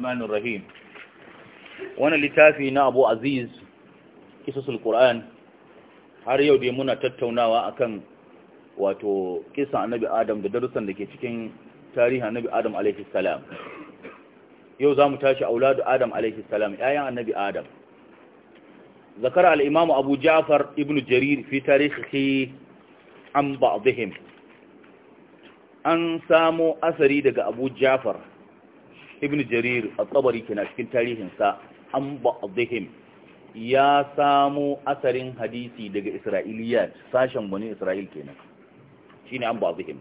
الرحمن الرحيم وانا littafi na Abu Aziz kisasul Qur'an har yau dai muna tattaunawa akan wato kisan Annabi Adam da darussan da ke cikin tarihin Annabi Adam alaihi salam yau zamu tashi auladu Adam yayan Annabi Adam ذكر الإمام أبو جعفر ابن جرير في تاريخه عن بعضهم an samo asari daga abu jafar ibn jarir a tsabari kina cikin tarihinsa an ba'adhihim ya samo asarin hadisi daga isra'iliya sashen bani isra'il kenan shi ne an ba'adhihim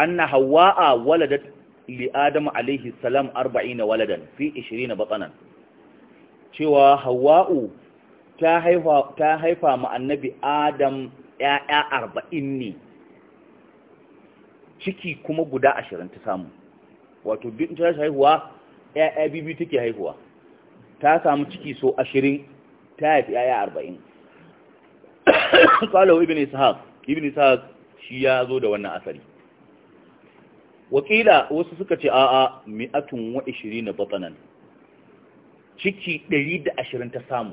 anna hawa'a waladat li adam alaihi salam 40 waladan fi 20 batanan cewa hawa'u ta haifa ta haifa ma annabi adam ƴaƴa 40 ne ciki kuma guda 20 ta samu wato duk in ta haihuwa ya'ya bibi take haihuwa ta samu ciki so ashirin ta haifi ya'ya arba'in kwallo ibn ishaq ibn ishaq shi ya zo da wannan asali wakila wasu suka ce a'a mi'atun wa ishirin na batanan ciki ɗari da ashirin ta samu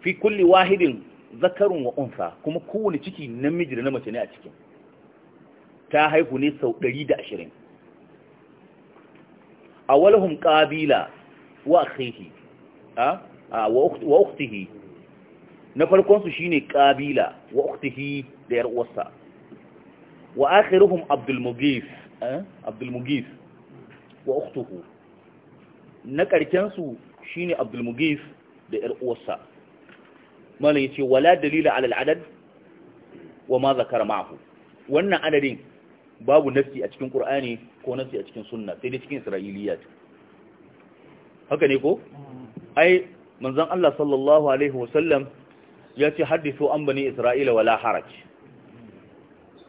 fi kulli wahidin zakarun wa unsa kuma kowane ciki namiji da na mace ne a cikin ta haihu ne sau 120 awalhum qabila wa akhihi a wa ukhtihi na farkonsu su shine qabila wa ukhtihi da yar uwarsa wa akhiruhum abdul mughith wa ukhtuhu na karken su shine abdul mughith da yar uwarsa mallan yace wala dalila ala wa ma zakara ma'ahu wannan adadin babu nafsi a cikin qur'ani ko nafsi a cikin sunna sai dai cikin isra'iliyat haka ne ko ai manzon Allah sallallahu alaihi wasallam ya ce hadithu an bani isra'ila wala haraj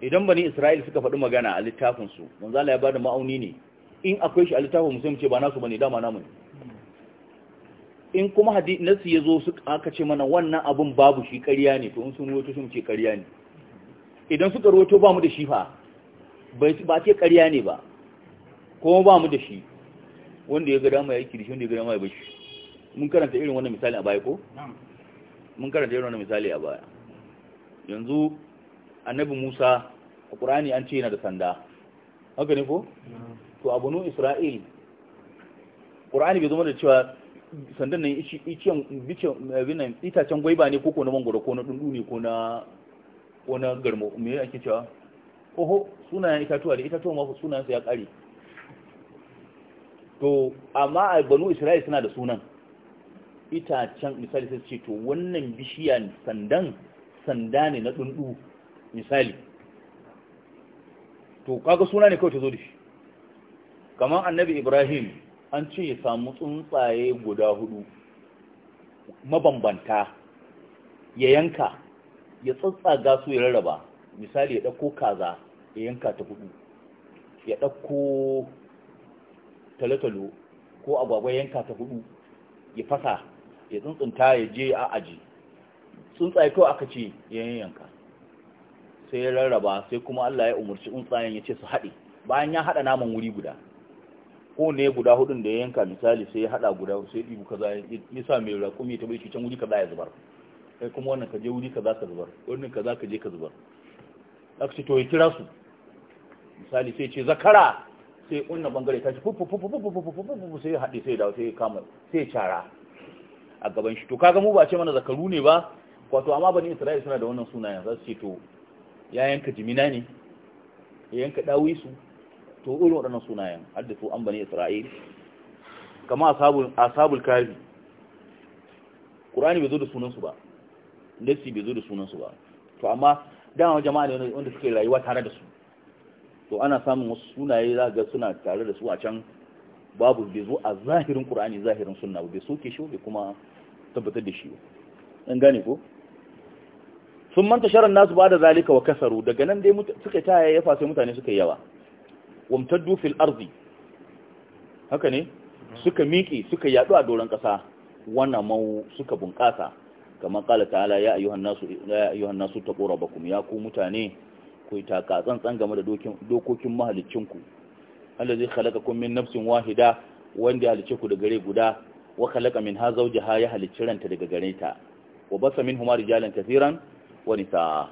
idan bani isra'ila suka faɗi magana a littafin su manzon Allah ya bada ma'auni ne in akwai shi a littafin mu sai mu ce ba nasu bane dama namu ne in kuma hadisi nasu yazo su aka ce mana wannan abun babu shi ƙarya ne to in sun ruwato sun ce ƙarya ne idan suka ruwato ba mu da shi fa ba ce ƙarya ne ba kuma ba mu da shi wanda ya ga dama ya yi kirishi wanda ya ga dama ya bashi mun karanta irin wannan misali a baya ko? mun karanta irin wannan misali a baya yanzu annabi musa a ƙurani an ce yana da sanda haka ne ko? to abu nun isra'il ƙurani bai zama da cewa sandan nan itacen gwaiba ne ko ko na mangoro ko na dundu ne ko na garmo me ake cewa oho sunayen itatuwa ne, itatuwa mafi sunansu ya kare. to amma a banu isra'il suna da sunan itacen misali sai ce to wannan bishiya sandan sanda ne na dundu misali to kaga suna ne kawai ta zo da shi kamar annabi ibrahim an ce ya samu tsuntsaye guda hudu mabambanta ya yanka ya tsatsaga su ya rarraba misali ya ɗauko kaza ya yanka ta hudu ya ɗauko talotalo ko agwagwa yanka ta hudu ya fasa ya tsuntsunta ya je a aji tsuntsaye kawai aka ce ya yanka sai ya rarraba sai kuma Allah ya umarci tsuntsayen ya ce su haɗe bayan ya haɗa naman wuri guda ko ne guda hudun da ya yanka misali sai ya haɗa guda sai ɗibu kaza ya sa mai rakumi ta bai shi can wuri kaza ya zubar kai kuma wannan ka je wuri kaza ka zubar wannan kaza ka je ka zubar aka to ya kira su misali sai ce zakara sai kunna bangare ta ce fufufufufufufufufufu sai haɗe sai dawo sai kama sai cara a gaban shi to kaga mu ba ce mana zakaru ne ba wato amma bani isra'ila suna da wannan sunayen za su ce to ya yanka jimina ne ya yanka su to irin waɗannan sunayen har da su an bani isra'ila kama asabul kafi ƙurani bai zo da sunansu ba ndassi bai zo da sunansu ba to amma dama jama'a ne wanda suke rayuwa tare da su to ana samun wasu sunaye za ga suna tare da su a can babu bai zo a zahirin qur'ani zahirin sunna bai soke shi ba kuma tabbatar da shi an gane ko sun manta sharan nasu ba da zalika wa kasaru daga nan dai suka ta yayyafa sai mutane suka yawa wamtaddu fil ardi haka ne mm-hmm. suka miƙe suka yaɗu a doron ƙasa wannan mau suka bunƙasa kamar kala ta'ala ya ayyuhan nasu su ta nasu taqurabakum ya ku mutane ku taka tsantsan game da dokokin wanda zai halaka min nafsin wahida wanda ya halice ku da gare guda wa min ha zauji ha ya halicci ranta daga gare ta wa basa huma rijalan kathiran wa nisaa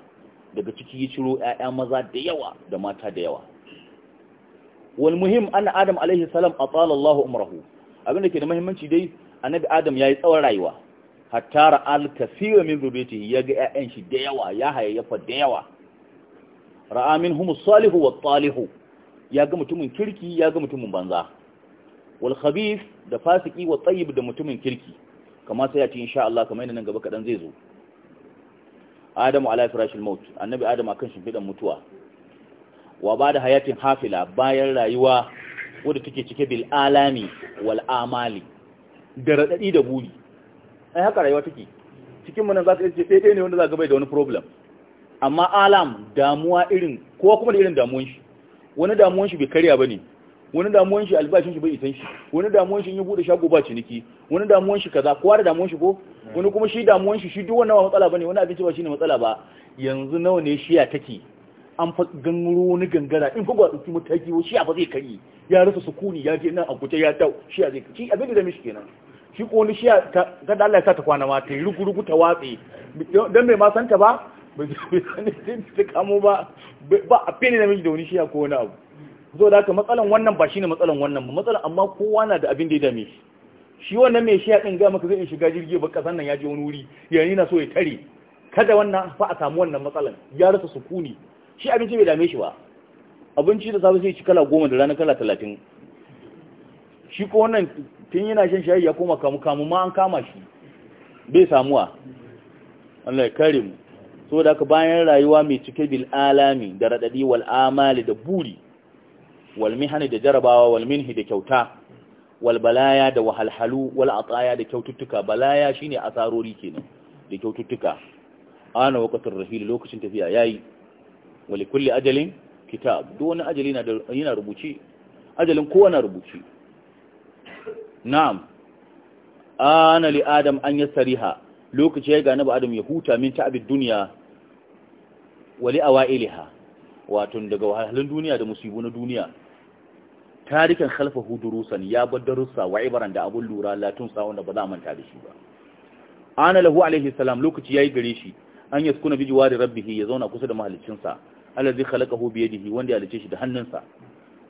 daga ciki ya ciro ƴaƴa maza da yawa da mata da yawa wal muhim an adam alaihi salam atala Allah umrahu abin da ke da muhimmanci dai annabi adam ya yi tsawon rayuwa hatta al kaseera min zurriyatihi yaga ƴaƴan shi da yawa ya hayayyafa da yawa ra'a minhum as-salihu wat-talihu yaga mutumin kirki yaga mutumin banza wal khabith da fasiki wa tayyib da mutumin kirki kama sai ya ci insha Allah kamar nan gaba kadan zai zo Adamu ala firashil maut annabi Adam akan shimfidan mutuwa wa bada hayatin hafila bayan rayuwa wadda take cike bil alami wal amali da radadi da buri ai haka rayuwa take cikin mun za ka ce sai dai ne wanda za ka bai da wani problem amma alam damuwa irin kowa kuma da irin damuwan shi wani damuwan shi bai karya bane wani damuwan shi albashin shi bai isan shi wani damuwan shi in yi bude shago ba ciniki wani damuwan shi kaza kowa da damuwan shi ko wani kuma shi damuwan shi shi duk wannan ba matsala bane wani abinci ba shine matsala ba yanzu nawa ne shi ya take an fa gangaro wani gangara in fa ba dauki mataki ba shi a fa zai kari ya rasa sukuni ya je nan a guje ya tau shi ya zai shi abin da mishi kenan shi ƙoni shi ta da Allah ya ta kwana ma ta yi rugu-rugu ta watsi don bai ma santa ba bai ta kamo ba ba a fiye da miji da wani shiya ko wani abu zo da haka matsalan wannan ba shine matsalan wannan ba matsalan amma kowa na da abin da ya dame shi shi wannan mai shiya din ga maka zai shiga jirgi ba kasan nan ya je wani wuri yanayi na so ya tare kada wannan fa a samu wannan matsalan ya rasa sukuni shi abinci bai dame shi ba abinci da safe sai ci kala goma da rana kala talatin shi ko wannan tun yana shan shayi ya koma kamu kamu ma an kama shi bai samuwa Allah ya kare mu so da ka bayan rayuwa mai cike bil alami da radadi wal amali da buri wal mihani da jarabawa wal minhi da kyauta wal balaya da wahalhalu wal ataya da kyaututtuka balaya shine asarori kenan da kyaututtuka ana waqatul rahil lokacin tafiya yayi wal kulli ajalin kitab duk wani ajali yana rubuci ajalin kowa na rubuci na'am ana li adam an sariha lokaci ya ga nabi adam ya huta min ta'abid duniya wali awailiha wato daga wahalhalun duniya da musibu na duniya tarikan khalfa hudurusan ya bar darussa wa ibaran da abun lura latun sa wanda ba za manta da shi ba ana lahu alaihi salam lokaci yayi gare shi an yaskuna bi da rabbihi ya zauna kusa da sa allazi khalaqahu bi yadihi wanda ya lice shi da hannunsa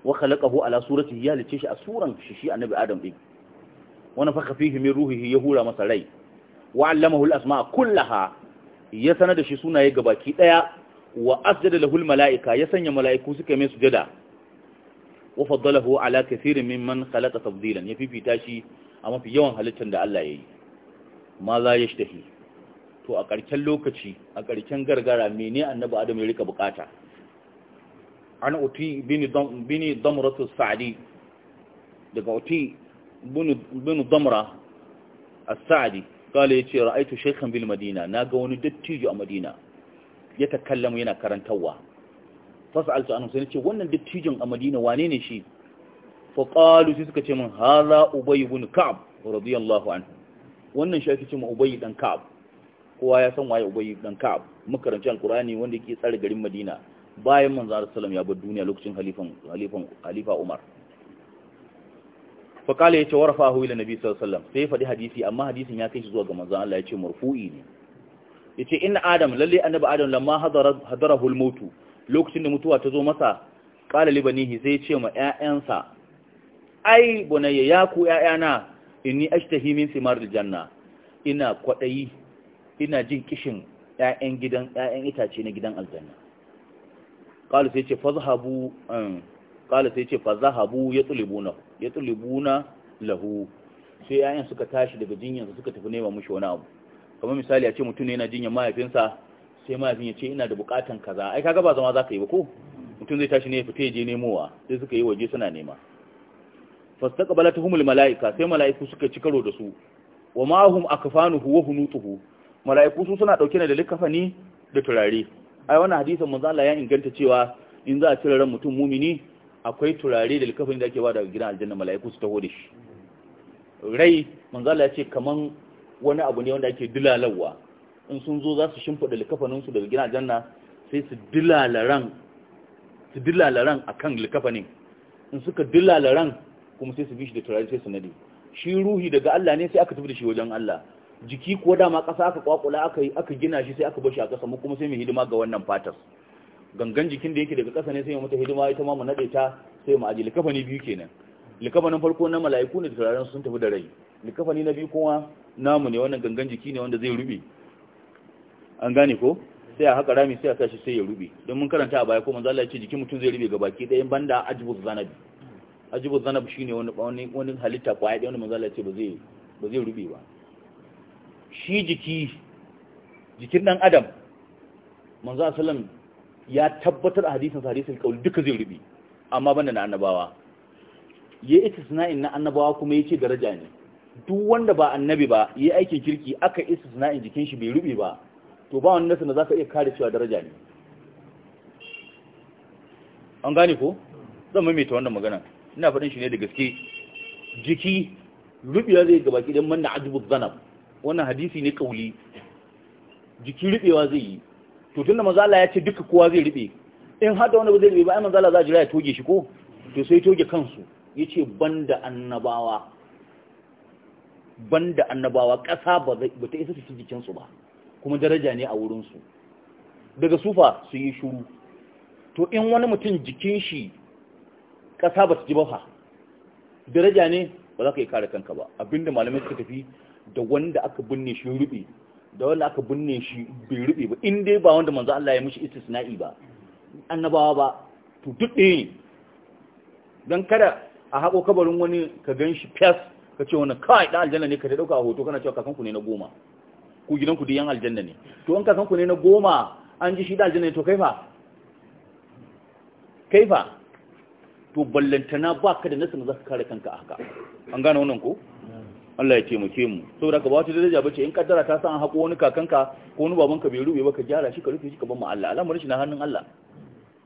wa khalaqahu ala suratihi ya lice shi a suran shi shi annabi adam din wani faka fihi ruhihi ya hura masa rai wa allamahu al-asma kullaha ya sanar da shi sunaye gabaki daya wa asjada lahu al-mala'ika ya sanya mala'iku suka mai sujada wa faddalahu ala kathirin mimman khalaqa tafdilan ya fifita shi a mafi yawan halittar da Allah yi ma za yashtahi to a ƙarshen lokaci a ƙarshen gargara mene annabi adam ya rika bukata an uti bini damratu sa'di daga uti bin damra as ya kala yace ra'aytu shaykhan bil madina ga wani dattijo a madina ya takallamu yana karantarwa fas'altu anhu sai ce wannan dattijon a madina wane ne shi fa sai suka ce min hala ubay ibn ka'b radiyallahu anhu wannan shi ake ce min dan ka'b kowa ya san waye ubay dan ka'b makaranci Alƙurani wanda yake tsare garin madina bayan manzo sallallahu alaihi wasallam ya bar duniya lokacin halifan umar fa kala yace warfahu ila nabi sallallahu alaihi wasallam sai faɗi hadisi amma hadisin ya kai shi zuwa ga manzon Allah yace marfu'i ne yace inna adam lalle annabi adam lamma hadara hadarahu al-maut lokacin da mutuwa ta zo masa kala libanihi sai yace ma 'ya'yansa ai bunayya ya ku ƴaƴana inni ashtahi min simar janna ina kwaɗayi ina jin kishin 'ya'yan gidan ƴaƴan itace na gidan aljanna qalu sai yace fazhabu um, kala sai ce fa zahabu ya buna ya lahu sai yayan suka tashi daga jinyansa suka tafi nema mushi wani abu kamar misali a ce mutum ne yana jinyan mahaifinsa sai mahaifin ya ce ina da bukatan kaza ai kaga ba zama zaka yi ba ko mutum zai tashi ne ya fita je nemowa sai suka yi waje suna nema humul malaika sai malaiku suka ci karo da su wa ma'ahum akfanuhu wa hunutuhu malaiku su suna dauke da likafani da turare ai wannan hadisin manzo Allah ya inganta cewa in za a cire ran mutum mumini akwai turare da likafin da ake ba daga gidan aljanna mala'iku su taho da shi rai manzala ya ce kaman wani abu ne wanda ake dilalawa in sun zo za su shimfiɗa likafanin su daga gidan aljanna sai su dilalaran su dilalaran akan likafanin in suka dilalaran kuma sai su bi shi da turare sai su nade shi ruhi daga Allah ne sai aka tafi da shi wajen Allah jiki kuwa dama ƙasa aka kwakula aka gina shi sai aka bar shi a ƙasa mu kuma sai mu hidima ga wannan fatar gangan jikin da yake daga ƙasa ne sai mu mata hidima ita ma mu nade ta sai mu aje likafani biyu kenan likafanin farko na mala'iku ne da turaren sun tafi da rai likafani na biyu kuma namu ne wannan gangan jiki ne wanda zai rube an gane ko sai a haka rami sai a sashi sai ya rube don mun karanta a baya ko manzo Allah ya ce jikin mutum zai rube ga baki ɗaya banda ajibu zanabi ajibu zanabi shine wani wani wani halitta kwaya ɗaya wanda manzo Allah ya ce ba zai ba zai rube ba shi jiki jikin dan adam manzo sallallahu ya tabbatar a hadisin hadisin kaul duka zai rubi amma banda na annabawa ya istisna'in na annabawa kuma ya ce daraja ne duk wanda ba annabi ba yi aikin kirki aka istisna'in jikin shi bai rubi ba to ba na za zaka iya kare cewa daraja ne an gane ko zan maimaita wannan magana ina faɗin shi ne da gaske jiki rubewa zai gaba don manna ajibu zanab wannan hadisi ne kauli jiki rubewa zai yi to tunda manzo Allah ya ce duka kowa zai ribe in hada wani wanda ba zai ribe ba ai manzo Allah za jira ya toge shi ko to sai toge kansu yace banda annabawa banda annabawa ƙasa ba ta isa su jikin su ba kuma daraja ne a wurin su daga sufa su yi shuru to in wani mutum jikin shi ƙasa ba ta ji ba fa daraja ne ba za ka yi kare kanka ba abinda malamai suka tafi da wanda aka binne shi rubi da wanda aka binne shi bai rube ba in dai ba wanda manzo Allah ya mishi istisna'i ba annabawa ba to duk ɗaya ne don kada a haƙo kabarin wani ka gan shi fes ka ce wani kawai ɗan aljanna ne ka da ɗauka a hoto kana cewa kakanku ne na goma ku gidanku duk yan aljanna ne to in kakanku ne na goma an ji shi ɗan aljanna ne to kaifa kaifa to ballantana ba ka da nasin za ka kare kanka a haka an gane wannan ko Allah ya taimake mu saboda ka ba ta daraja bace in kaddara ta san hako wani kakanka ko wani ka bai rube ba ka gyara shi ka rufe shi ka bar Allah al'amarin shi na hannun Allah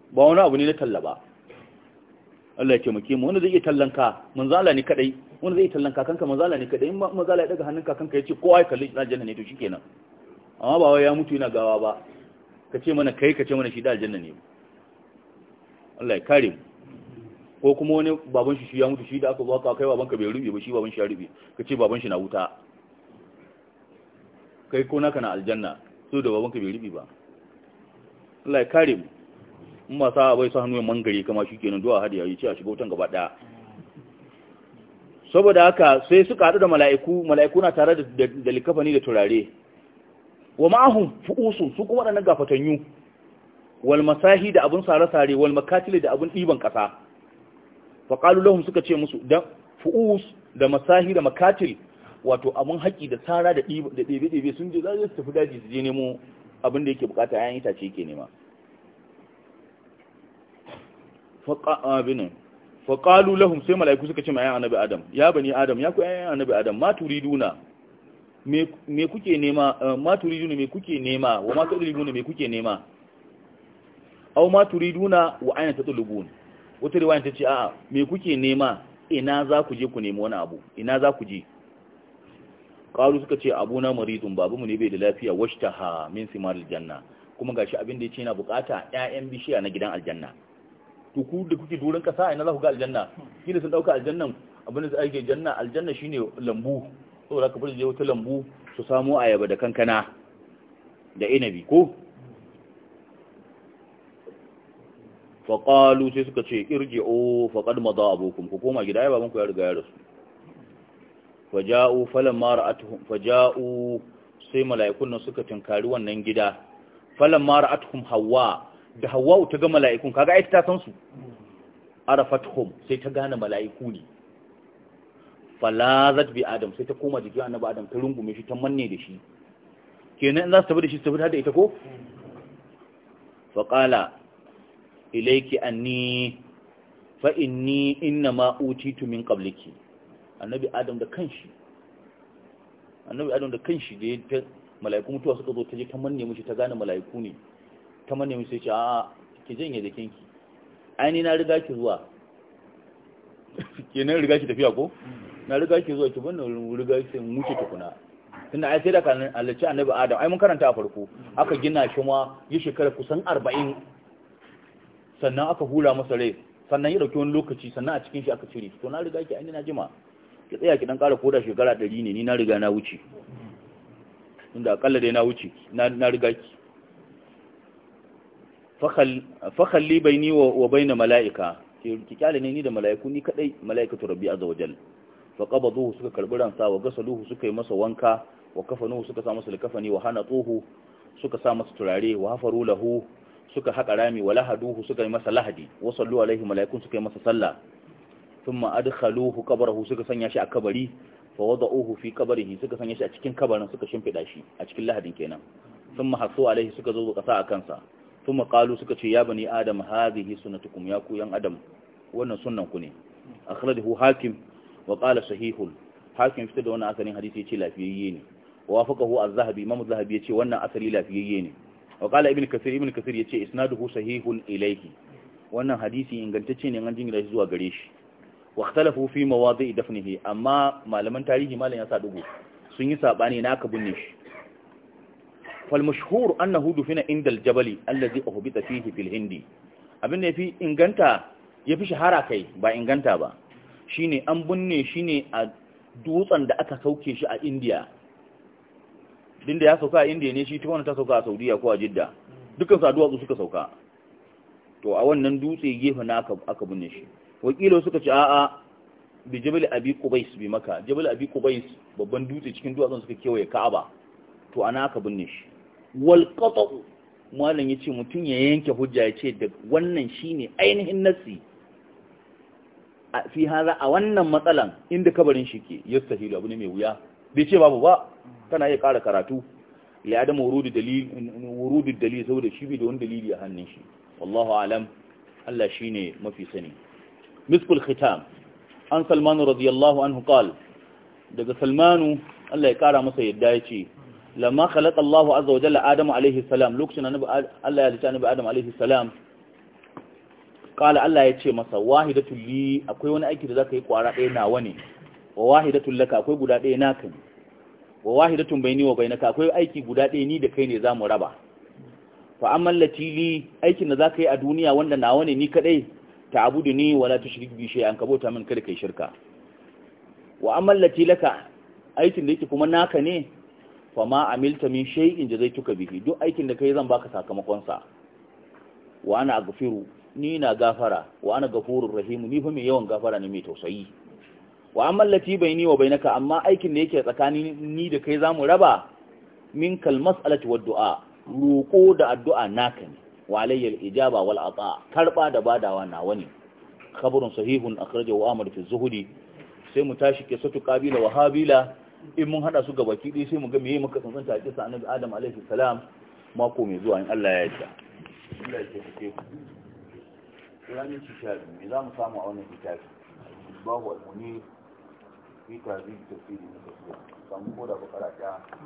ba wani abu ne na talla ba Allah ya taimake mu wanda zai iya tallanka mun zala ne kadai wanda zai tallanka kanka mun zala ne kadai in manzo Allah ya daga hannun kakanka yace kowa ya kalli Da janna ne to shikenan amma ba wai ya mutu yana gawa ba ka ce mana kai ka ce mana shi da aljanna ne Allah ya kare mu ko kuma wani baban shi shi ya mutu shi da aka baka kai babanka bai rube ba shi baban shi ya rube ka ce baban shi na wuta kai ko naka na aljanna so da babanka bai rube ba Allah ya kare mu mun ba sa bai sa hannu ya mangare kama shi kenan duwa hadiya ya ce a shiga wutan gaba daya saboda haka sai suka hadu da mala'iku mala'iku na tare da likafani da turare wa ma'ahum fu'usun su kuma waɗannan gafatanyu wal masahi da abun sare-sare wal makatili da abun ɗiban ƙasa faƙalu lahum suka ce musu da fu'us da masahi da makatil wato abun haƙi da tsara da ɗebe-ɗebe sun je za su tafi daji su je nemo abin da yake bukata yayin itace yake nema faƙalu lahum sai mala'iku suka ce ma ‘yan annabi adam ya bani adam ya ku ‘yan annabi adam ma turiduna me kuke nema eh, ma turiduna me kuke nema wa ma turiduna me kuke nema au ma turiduna wa aina tatulubun wata riwaya ta ce a'a me kuke nema ina za ku je ku nemi wani abu ina za ku je qalu suka ce abuna maridun babu mu ne bai da lafiya washtaha min simar aljanna kuma gashi abin da yace yana bukata ƴaƴan bishiya na gidan aljanna to ku da kuke duran kasa ina za ku ga aljanna kila sun dauka aljannan abin da ake janna aljanna shine lambu saboda ka je wata lambu su samu ayaba da kankana da inabi ko faƙalu sai suka ce irje o faƙad maza abokum ku koma gida ya babanku ya riga ya rasu faja'u falon mara faja'u sai mala'ikun nan suka tunkari wannan gida falan mara atuhun hawa da hawa ta ga mala'ikun kaga ita ta san su hum sai ta gane mala'iku ne falazat bi adam sai ta koma jiki ba adam ta rungume shi ta manne da shi kenan za su tafi da shi su tafi da ita ko Faƙala. ilaiki anni fa inni ma utitu min qabliki annabi adam da kanshi annabi adam da kanshi da ya mala'iku mutuwa suka zo ta je ta manne mishi ta gane mala'iku ne ta manne mishi sai ce a ki janye jikinki aini na riga ki zuwa kenan riga ki tafiya ko na riga ki zuwa ki banna riga ki muke tukuna tunda ai sai da kan ci annabi adam ai mun karanta a farko aka gina shi ma yi shekara kusan arba'in sannan aka hura masa rai sannan ya dauki wani lokaci sannan a cikin shi aka cire to na riga ki na jima ki tsaya ki dan ƙara koda shekara 100 ne ni na riga na wuce inda akalla dai na wuce na riga ki fakhalli baini wa baina mala'ika ki kyale ne ni da mala'iku ni kadai mala'ikatu rabbi azza wajal fa qabaduhu suka karbi ransa wa gasaluhu suka yi masa wanka wa kafanuhu suka sa masa likafani wa hanatuhu suka sa masa turare wa hafaru lahu suka haƙa rami wa lahaduhu suka yi masa lahadi wa sallu alaihi mala'ikun suka yi masa sallah thumma adkhaluhu qabrahu suka sanya shi a kabari fa wada'uhu fi qabrihi suka sanya shi a cikin kabarin suka shimfida shi a cikin lahadin kenan thumma hasu alaihi suka zo kasa a kansa thumma qalu suka ce ya bani adam hadhihi sunnatukum ya ku yan adam wannan sunnan ku ne akhrajahu hakim wa qala sahihul hakim fitar da wannan asalin hadisi ya ce lafiyayye ne wa wafaqahu az-zahabi imam az-zahabi ya ce wannan asali lafiyayye ne wa qala ibn kasir ibn kasir yace isnaduhu sahihun ilayhi wannan hadisi ingantacce ne an jingina zuwa gare shi wa ikhtalafu fi mawadi'i dafnihi amma malaman tarihi malan ya sa dubu sun yi sabani na aka binne shi fal mashhur annahu dufina inda al-jabal allazi uhbita fihi fil hindi abin da yafi inganta yafi shahara kai ba inganta ba shine an binne shine a dutsen da aka sauke shi a India dinda ya sauka a indiya ne shi ta wani ta sauka a saudiya ko a jidda dukkan su a duwatsu suka sauka to a wannan dutse gefe na aka binne shi wakilo suka ce a'a bi jibil abi kubais bi maka jibil abi kubais babban dutse cikin duwatsun suka kewaye ka'aba to ana aka binne shi wal qata'u mallan yace mutun ya yanke hujja yace da wannan shine ainihin nasi fi hada a wannan matsalan inda kabarin shi ke yastahilu abu ne mai wuya bai ce babu ba kana iya ƙara karatu li adam wurudud dalil saboda shi bai da wani dalili a hannun shi wallahu alam Allah shi ne mafi sani miskul khitam an salmanu, radiyallahu anhu qal daga salmanu Allah ya kara masa yadda yace lamma khalaqa Allahu azza wa jalla Adam alayhi salam lokacin annabi Allah ya halitta annabi Adam alayhi salam qala Allah ya ce masa wahidatul li akwai wani aiki da zaka yi kwara ɗaya nawa ne wa wahidatul laka akwai guda ɗaya naka ne wa wahidatun baini wa bainaka akwai aiki guda ɗaya ni da kai ne zamu raba fa amman li aikin da zaka yi a duniya wanda nawa ne ni kadai ta'budu ni wala tushrik bi an kabota min kada kai shirka wa amman latilaka aikin da yake kuma naka ne fa ma amilta min shay'in tuka bihi duk aikin da kai zan baka sakamakon sa wa ana aghfiru ni na gafara wa ana ghafurur rahim ni fa mai yawan gafara ne mai tausayi wa amallati bayni wa bainaka amma aikin da yake tsakanin ni da kai zamu raba min kal mas'alati wad du'a roko da addu'a naka ne wa alayya al ijaba wal ata karba da badawa nawa ne khabarun sahihun akhrajahu ahmad fi zuhudi sai mu tashi ke satu kabila wa habila in mun hada su gabaki dai sai mu ga meye muka tsantsanta kisa annabi adam alayhi salam mako mai zuwa in Allah ya yarda Allah ya tafi ku me za mu samu a wannan kitabi babu al-munir fi tazi tafsiri na tafsiri samu ko da bukara ɗaya